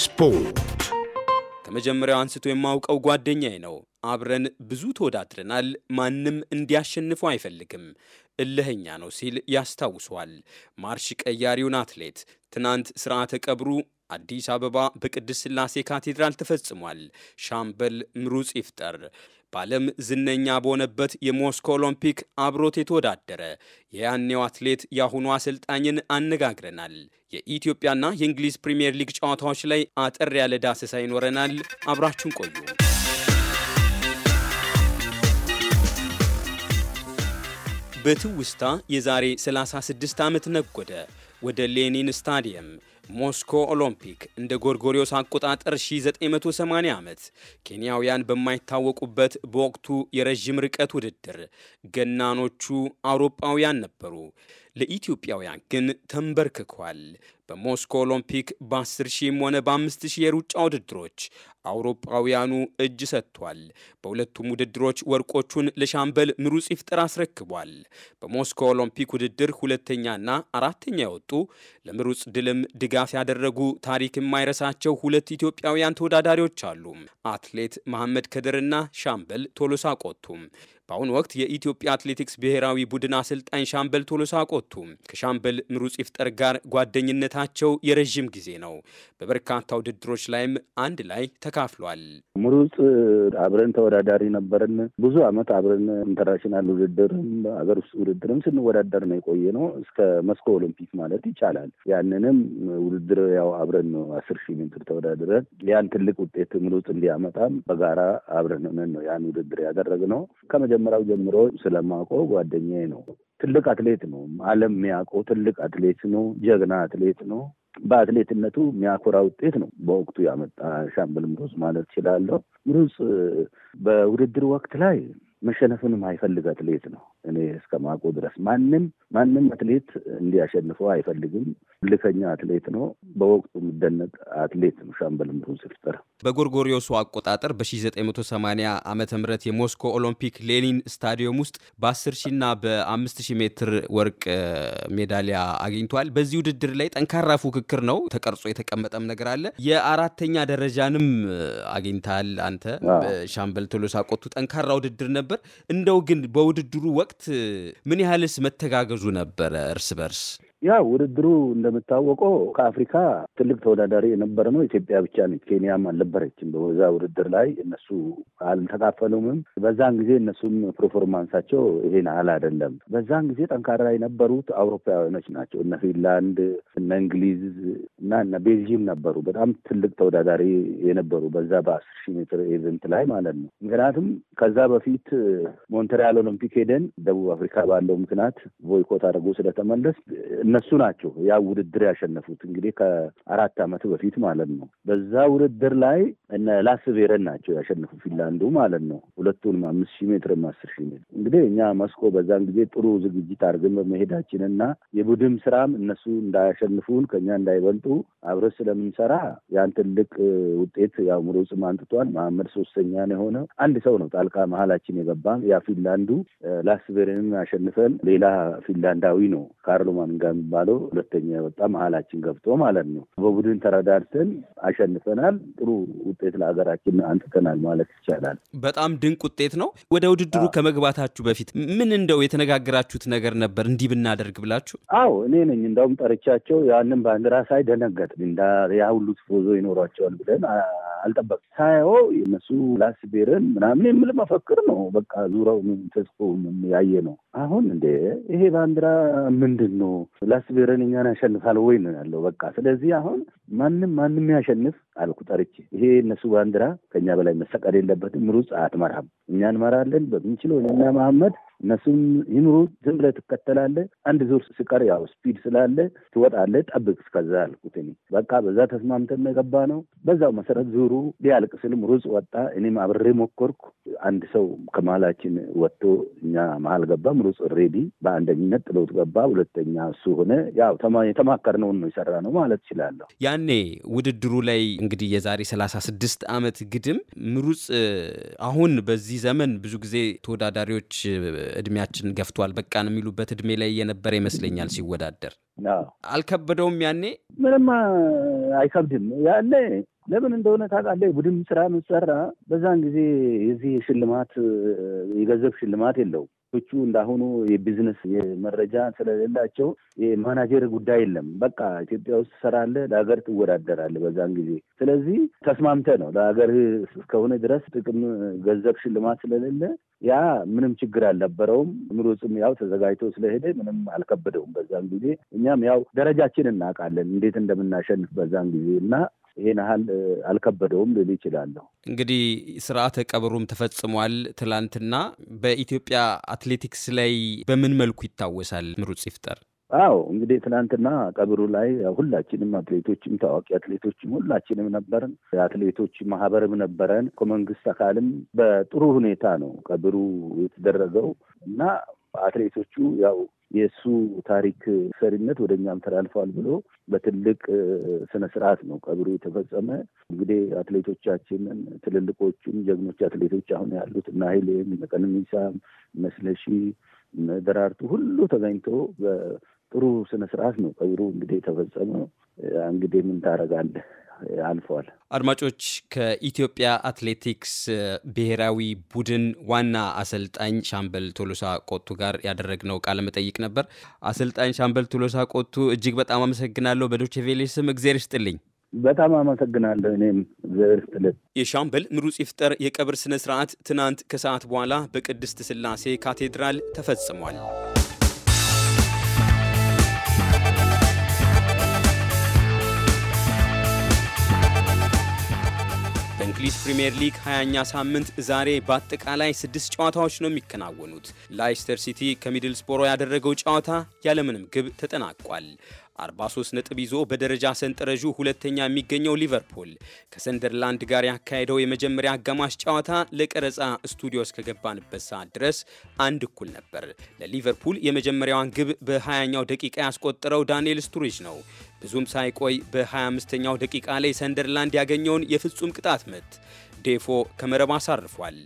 ስፖርት ከመጀመሪያው አንስቶ የማውቀው ጓደኛዬ ነው። አብረን ብዙ ተወዳድረናል። ማንም እንዲያሸንፈው አይፈልግም። እልህኛ ነው ሲል ያስታውሰዋል። ማርሽ ቀያሪውን አትሌት ትናንት ስርዓተ ቀብሩ አዲስ አበባ በቅድስት ስላሴ ካቴድራል ተፈጽሟል። ሻምበል ምሩጽ ይፍጠር በዓለም ዝነኛ በሆነበት የሞስኮ ኦሎምፒክ አብሮት የተወዳደረ የያኔው አትሌት የአሁኑ አሰልጣኝን አነጋግረናል። የኢትዮጵያና የእንግሊዝ ፕሪምየር ሊግ ጨዋታዎች ላይ አጠር ያለ ዳሰሳ ይኖረናል። አብራችሁን ቆዩ። በትውስታ የዛሬ 36 ዓመት ነጎደ ወደ ሌኒን ስታዲየም ሞስኮ ኦሎምፒክ እንደ ጎርጎሪዮስ አቆጣጠር 1980 ዓመት ኬንያውያን በማይታወቁበት በወቅቱ የረዥም ርቀት ውድድር ገናኖቹ አውሮፓውያን ነበሩ። ለኢትዮጵያውያን ግን ተንበርክኳል። በሞስኮ ኦሎምፒክ በ10 ሺህም ሆነ በ5 ሺህ የሩጫ ውድድሮች አውሮፓውያኑ እጅ ሰጥቷል። በሁለቱም ውድድሮች ወርቆቹን ለሻምበል ምሩጽ ይፍጠር አስረክቧል። በሞስኮ ኦሎምፒክ ውድድር ሁለተኛና አራተኛ የወጡ ለምሩጽ ድልም ድጋፍ ያደረጉ ታሪክ የማይረሳቸው ሁለት ኢትዮጵያውያን ተወዳዳሪዎች አሉ። አትሌት መሐመድ ከድርና ሻምበል ቶሎሳ ቆቱም በአሁኑ ወቅት የኢትዮጵያ አትሌቲክስ ብሔራዊ ቡድን አሰልጣኝ ሻምበል ቶሎሳ ቆቱ ከሻምበል ምሩጽ ይፍጠር ጋር ጓደኝነታቸው የረዥም ጊዜ ነው። በበርካታ ውድድሮች ላይም አንድ ላይ ተካፍሏል። ምሩጽ አብረን ተወዳዳሪ ነበርን። ብዙ ዓመት አብረን ኢንተርናሽናል ውድድርም አገር ውስጥ ውድድርም ስንወዳደር ነው የቆየ ነው እስከ መስኮ ኦሎምፒክ ማለት ይቻላል። ያንንም ውድድር ያው አብረን ነው አስር ሺህ ሜትር ተወዳድረን ያን ትልቅ ውጤት ምሩጽ እንዲያመጣም በጋራ አብረን ነው ያን ውድድር ነው ከመጀመ ከመጀመሪያው ጀምሮ ስለማውቀው ጓደኛዬ ነው። ትልቅ አትሌት ነው። ዓለም የሚያውቀው ትልቅ አትሌት ነው። ጀግና አትሌት ነው። በአትሌትነቱ የሚያኮራ ውጤት ነው በወቅቱ ያመጣ ሻምበል ምሩጽ ማለት እችላለሁ። ምሩጽ በውድድር ወቅት ላይ መሸነፍን የማይፈልግ አትሌት ነው። እኔ እስከማውቀው ድረስ ማንም ማንም አትሌት እንዲያሸንፈው አይፈልግም። ልከኛ አትሌት ነው። በወቅቱ የሚደነቅ አትሌት ነው ሻምበል ምሩጽ ይፍጠር። በጎርጎሪዮሱ አቆጣጠር በ1980 ዓ ም የሞስኮ ኦሎምፒክ ሌኒን ስታዲየም ውስጥ በ10 ሺና በ5000 ሜትር ወርቅ ሜዳሊያ አግኝቷል። በዚህ ውድድር ላይ ጠንካራ ፉክክር ነው ተቀርጾ የተቀመጠም ነገር አለ። የአራተኛ ደረጃንም አግኝታል አንተ ሻምበል ቶሎሳ አቆቱ ጠንካራ ውድድር ነበር። እንደው ግን በውድድሩ ወቅት ወቅት ምን ያህልስ መተጋገዙ ነበረ እርስ በርስ? ያ ውድድሩ እንደምታወቀው ከአፍሪካ ትልቅ ተወዳዳሪ የነበረ ነው። ኢትዮጵያ ብቻ ነች። ኬንያም አልነበረችም በዛ ውድድር ላይ እነሱ አልተካፈሉምም። በዛን ጊዜ እነሱም ፐርፎርማንሳቸው ይሄን አል አይደለም። በዛን ጊዜ ጠንካራ የነበሩት አውሮፓውያኖች ናቸው። እነ ፊንላንድ፣ እነ እንግሊዝ እና እነ ቤልጂም ነበሩ በጣም ትልቅ ተወዳዳሪ የነበሩ በዛ በአስር ሺህ ሜትር ኤቨንት ላይ ማለት ነው። ምክንያቱም ከዛ በፊት ሞንትሪያል ኦሎምፒክ ሄደን ደቡብ አፍሪካ ባለው ምክንያት ቦይኮት አድርጎ ስለተመለስ እነሱ ናቸው ያ ውድድር ያሸነፉት እንግዲህ ከአራት ዓመት በፊት ማለት ነው። በዛ ውድድር ላይ እነ ላስቬረን ናቸው ያሸነፉ ፊንላንዱ ማለት ነው። ሁለቱንም አምስት ሺህ ሜትርም አስር ሺህ ሜትር እንግዲህ እኛ መስኮ በዛን ጊዜ ጥሩ ዝግጅት አድርገን በመሄዳችን እና የቡድን ስራም እነሱ እንዳያሸንፉን ከኛ እንዳይበልጡ አብረን ስለምንሰራ ያን ትልቅ ውጤት ያው ጽም አንጥቷል። መሀመድ ሶስተኛ ነው የሆነ አንድ ሰው ነው ጣልቃ መሀላችን የገባም ያ ፊንላንዱ ላስቬረንን አሸንፈን ሌላ ፊንላንዳዊ ነው ካርሎ ማንጋሚ የሚባለው ሁለተኛ የወጣ መሀላችን ገብቶ ማለት ነው። በቡድን ተረዳድተን አሸንፈናል። ጥሩ ውጤት ለሀገራችን አንጥተናል ማለት ይቻላል። በጣም ድንቅ ውጤት ነው። ወደ ውድድሩ ከመግባታችሁ በፊት ምን እንደው የተነጋገራችሁት ነገር ነበር እንዲህ ብናደርግ ብላችሁ? አዎ እኔ ነኝ እንዳውም ጠርቻቸው ያንን ባንዲራ ሳይደነገጥ ያ ሁሉ ትፎዞ ይኖሯቸዋል ብለን አልጠበቅም። ሳየው የነሱ ላስቤርን ምናምን የምል መፈክር ነው። በቃ ዙረው ተጽፎ ያየ ነው። አሁን እንደ ይሄ ባንዲራ ምንድን ነው ላስቤረን እኛን ያሸንፋል ወይ ነው ያለው። በቃ ስለዚህ አሁን ማንም ማንም ያሸንፍ አልኩ ጠርቼ። ይሄ እነሱ ባንዲራ ከኛ በላይ መሰቀል የለበትም። ምሩጽ አትመራም፣ እኛ እንመራለን በምንችለው እና መሐመድ እነሱም ይምሩ። ዝም ብለህ ትከተላለህ። አንድ ዙር ስቀር ያው ስፒድ ስላለ ትወጣለህ፣ ጠብቅ እስከዛ አልኩት። እኔ በቃ በዛ ተስማምተን የገባ ነው። በዛው መሰረት ዙሩ ሊያልቅ ስል ምሩጽ ወጣ። እኔም አብሬ ሞከርኩ። አንድ ሰው ከመሀላችን ወጥቶ እኛ መሀል ገባ። ምሩጽ ሬዲ በአንደኝነት ጥሎት ገባ። ሁለተኛ እሱ ሆነ። ያው የተማከርነውን ነው ነው ማለት እችላለሁ። ያኔ ውድድሩ ላይ እንግዲህ የዛሬ 36 ዓመት ግድም ምሩጽ አሁን በዚህ ዘመን ብዙ ጊዜ ተወዳዳሪዎች እድሜያችን ገፍቷል በቃን የሚሉበት እድሜ ላይ የነበረ ይመስለኛል ሲወዳደር አልከበደውም ያኔ ምንም አይከብድም ያኔ ለምን እንደሆነ ታውቃለህ፣ ቡድን ስራ ምሰራ በዛን ጊዜ የዚህ ሽልማት የገንዘብ ሽልማት የለውም። ቹ እንዳሁኑ የቢዝነስ መረጃ ስለሌላቸው የማናጀር ጉዳይ የለም። በቃ ኢትዮጵያ ውስጥ ትሰራለህ፣ ለሀገር ትወዳደራለህ በዛን ጊዜ። ስለዚህ ተስማምተህ ነው ለሀገር እስከሆነ ድረስ ጥቅም ገንዘብ ሽልማት ስለሌለ ያ ምንም ችግር አልነበረውም። ምሩጽም ያው ተዘጋጅቶ ስለሄደ ምንም አልከበደውም በዛን ጊዜ። እኛም ያው ደረጃችን እናውቃለን እንዴት እንደምናሸንፍ በዛን ጊዜ እና ይሄን ያህል አልከበደውም ልል ይችላለሁ። እንግዲህ ስርዓተ ቀብሩም ተፈጽሟል ትላንትና። በኢትዮጵያ አትሌቲክስ ላይ በምን መልኩ ይታወሳል ምሩጽ ይፍጠር? አዎ እንግዲህ ትናንትና ቀብሩ ላይ ሁላችንም አትሌቶችም ታዋቂ አትሌቶችም ሁላችንም ነበርን። የአትሌቶች ማህበርም ነበረን። ከመንግስት አካልም በጥሩ ሁኔታ ነው ቀብሩ የተደረገው እና አትሌቶቹ ያው የእሱ ታሪክ ሰሪነት ወደ እኛም ተላልፏል ብሎ በትልቅ ስነ ስርዓት ነው ቀብሩ የተፈጸመ። እንግዲህ አትሌቶቻችንን ትልልቆቹም ጀግኖች አትሌቶች አሁን ያሉት እነ ኃይሌም እነ ቀነኒሳም እነ ስለሺ እነ ደራርቱ ሁሉ ተገኝቶ ጥሩ ስነስርዓት ነው። ቀብሩ እንግዲህ የተፈጸመ እንግዲህ ምን ታደርጋለህ አልፈዋል። አድማጮች ከኢትዮጵያ አትሌቲክስ ብሔራዊ ቡድን ዋና አሰልጣኝ ሻምበል ቶሎሳ ቆቱ ጋር ያደረግነው ቃለ መጠይቅ ነበር። አሰልጣኝ ሻምበል ቶሎሳ ቆቱ እጅግ በጣም አመሰግናለሁ። በዶችቬሌ ስም እግዜር ይስጥልኝ። በጣም አመሰግናለሁ። እኔም ዘርስትልት የሻምበል ምሩጽ ይፍጠር የቀብር ስነ ስርዓት ትናንት ከሰዓት በኋላ በቅድስት ስላሴ ካቴድራል ተፈጽሟል። በእንግሊዝ ፕሪምየር ሊግ 20ኛ ሳምንት ዛሬ በአጠቃላይ ስድስት ጨዋታዎች ነው የሚከናወኑት። ላይስተር ሲቲ ከሚድልስቦሮ ያደረገው ጨዋታ ያለምንም ግብ ተጠናቋል። 43 ነጥብ ይዞ በደረጃ ሰንጠረዡ ሁለተኛ የሚገኘው ሊቨርፑል ከሰንደርላንድ ጋር ያካሄደው የመጀመሪያ አጋማሽ ጨዋታ ለቀረጻ ስቱዲዮ እስከገባንበት ሰዓት ድረስ አንድ እኩል ነበር። ለሊቨርፑል የመጀመሪያዋን ግብ በ20ኛው ደቂቃ ያስቆጠረው ዳንኤል ስቱሪጅ ነው። ብዙም ሳይቆይ በ25ኛው ደቂቃ ላይ ሰንደርላንድ ያገኘውን የፍጹም ቅጣት ምት ዴፎ ከመረብ አሳርፏል።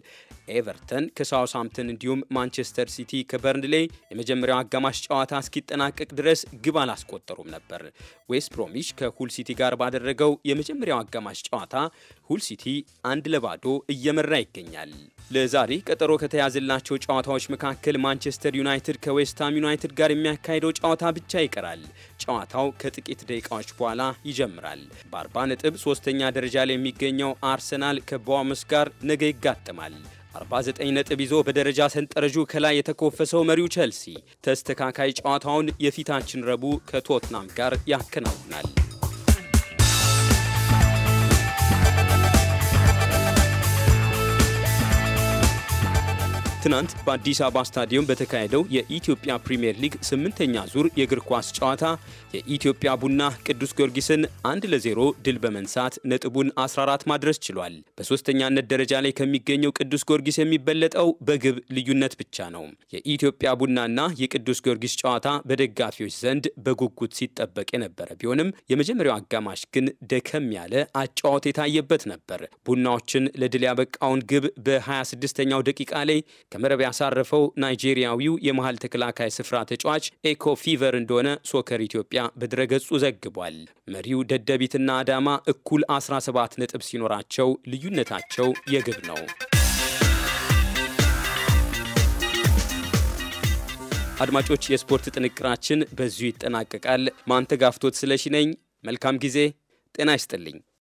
ኤቨርተን ከሳውሳምፕተን እንዲሁም ማንቸስተር ሲቲ ከበርንሌይ የመጀመሪያው አጋማሽ ጨዋታ እስኪጠናቀቅ ድረስ ግብ አላስቆጠሩም ነበር። ዌስት ብሮሚች ከሁል ሲቲ ጋር ባደረገው የመጀመሪያው አጋማሽ ጨዋታ ሁል ሲቲ አንድ ለባዶ እየመራ ይገኛል። ለዛሬ ቀጠሮ ከተያዘላቸው ጨዋታዎች መካከል ማንቸስተር ዩናይትድ ከዌስትሃም ዩናይትድ ጋር የሚያካሄደው ጨዋታ ብቻ ይቀራል። ጨዋታው ከጥቂት ደቂቃዎች በኋላ ይጀምራል። በአርባ ነጥብ ሶስተኛ ደረጃ ላይ የሚገኘው አርሰናል ከቦምስ ጋር ነገ ይጋጥማል። 49 ነጥብ ይዞ በደረጃ ሰንጠረዡ ከላይ የተኮፈሰው መሪው ቸልሲ ተስተካካይ ጨዋታውን የፊታችን ረቡዕ ከቶትናም ጋር ያከናውናል። ትናንት በአዲስ አበባ ስታዲየም በተካሄደው የኢትዮጵያ ፕሪምየር ሊግ ስምንተኛ ዙር የእግር ኳስ ጨዋታ የኢትዮጵያ ቡና ቅዱስ ጊዮርጊስን አንድ ለዜሮ ድል በመንሳት ነጥቡን 14 ማድረስ ችሏል። በሶስተኛነት ደረጃ ላይ ከሚገኘው ቅዱስ ጊዮርጊስ የሚበለጠው በግብ ልዩነት ብቻ ነው። የኢትዮጵያ ቡናና የቅዱስ ጊዮርጊስ ጨዋታ በደጋፊዎች ዘንድ በጉጉት ሲጠበቅ የነበረ ቢሆንም የመጀመሪያው አጋማሽ ግን ደከም ያለ አጫዋት የታየበት ነበር። ቡናዎችን ለድል ያበቃውን ግብ በ26ኛው ደቂቃ ላይ ከመረብ ያሳረፈው ናይጄሪያዊው የመሃል ተከላካይ ስፍራ ተጫዋች ኤኮ ፊቨር እንደሆነ ሶከር ኢትዮጵያ በድረገጹ ዘግቧል። መሪው ደደቢትና አዳማ እኩል 17 ነጥብ ሲኖራቸው ልዩነታቸው የግብ ነው። አድማጮች፣ የስፖርት ጥንቅራችን በዚሁ ይጠናቀቃል። ማንተጋፍቶት ስለሺ ነኝ። መልካም ጊዜ። ጤና ይስጥልኝ።